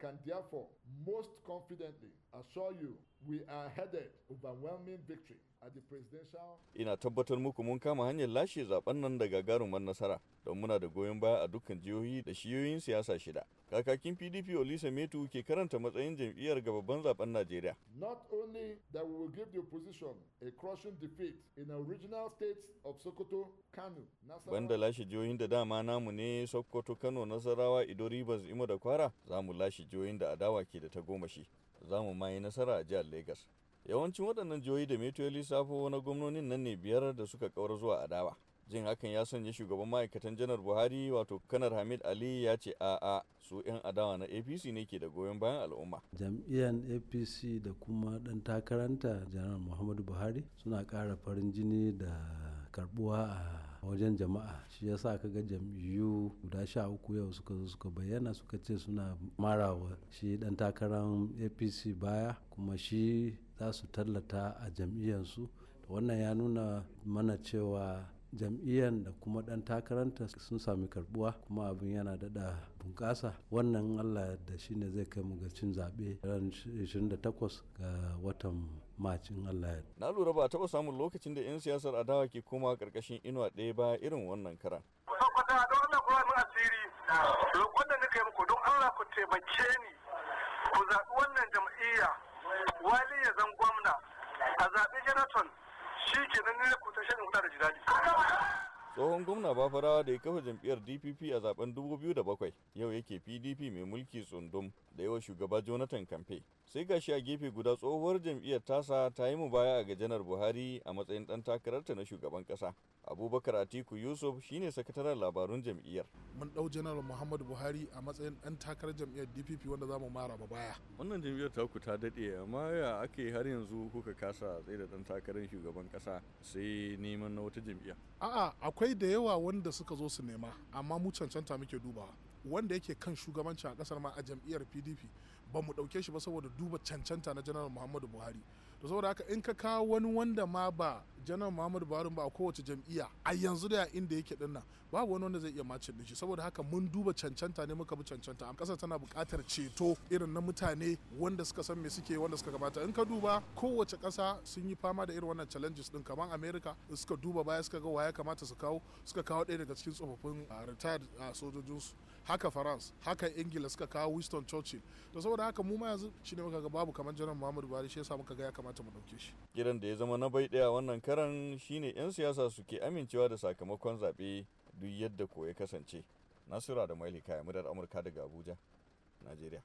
can therefore most confidently assure you we are headed overwhelming victory at the presidential Ina tabbatar muku mun kama hanyar lashe zaben nan da gagarumar nasara don muna da goyon baya a dukkan jihohi da shiyoyin siyasa shida. Kakakin PDP Olisa Metu ke karanta matsayin jam'iyyar ga babban zaben Najeriya. Not only that we will give the opposition a crushing defeat in the original states of Sokoto, Kano, Banda lashe jihohin da dama namu ne Sokoto, Kano, Nasarawa, Ido Rivers, Imo da Kwara, za mu lashe jihohin da adawa ke da ta goma shi. Za mu ma nasara a jihar Lagos. Yawancin waɗannan jihohi da Metu ya lissafo na gwamnonin nan ne biyar da suka kaura zuwa adawa. jin hakan ya sanya shugaban ma'aikatan janar buhari wato kanar hamid ali ya ce a'a su 'yan adawa na apc ne ke da goyon bayan al'umma jam'iyyar apc da kuma dan takaranta janar muhammadu buhari suna kara farin jini da karbuwa a wajen jama'a shi ya yasa kaga jam'iyyu guda sha uku yau suka zo suka bayyana suka ce suna marawa shi dan takarar apc baya kuma shi za su tallata a jam'iyyarsu wannan ya nuna mana cewa jam'iyyar da kuma ɗan takaranta sun sami karbuwa kuma abin yana dada bunƙasa wannan allah da shi ne zai kai mu ga cin zaɓe ran 28 ga watan macin allah na lura ba taɓa samun lokacin da 'yan siyasar adawa ke koma ƙarƙashin inuwa ɗaya ba irin wannan kara yi allah ku taimake ni ku zaɓi wannan jam'iyya wali ya zan gwamna a zaɓi janaton shi kenan ne ku ta shan wuta da jidali tsohon gwamna bafarawa da ya kafa jam'iyyar dpp a zaben 2007 yau yake pdp mai mulki tsundum da yawa shugaba jonathan kamfe sai gashi a gefe guda tsohuwar jam'iyyar tasa ta yi baya a gajenar buhari a matsayin dan takararta na shugaban kasa abubakar atiku yusuf shine sakataren labarun jam'iyyar mun dau janar muhammadu buhari a matsayin dan takarar jam'iyyar dpp wanda za mu mara baya wannan jam'iyyar ta ku ta dade amma ya ake har yanzu kuka kasa tsaye da dan takarar shugaban kasa sai neman na wata jam'iyya a'a akwai da yawa wanda suka zo su nema amma mu cancanta muke dubawa wanda yake kan shugabanci a kasar ma a jam'iyyar pdp ba mu dauke shi ba saboda duba cancanta na janar muhammadu buhari da saboda haka in ka kawo wani wanda ma ba janar muhammadu buhari ba a kowace jam'iyya a yanzu da inda yake din nan babu wani wanda zai iya macin din shi saboda haka mun duba cancanta ne muka bi cancanta a kasar tana buƙatar ceto irin na mutane wanda suka san me suke wanda suka gabata in ka duba kowace ƙasa sun yi fama da irin wannan challenges din kamar america suka duba baya suka ga waya kamata su kawo suka kawo ɗaya daga cikin tsofaffin retired su haka france haka ingila suka kawo winston churchill to saboda haka mu ma yanzu shine muka ga babu kamar janar muhammadu buhari shi yasa muka ga ya kamata mu ɗauke shi gidan da ya zama na bai ɗaya wannan kar bangaren shine 'yan siyasa suke amincewa da sakamakon zaɓe duk yadda ko ya kasance. Nasura da Maili Kaya, mudar Amurka daga Abuja, Najeriya.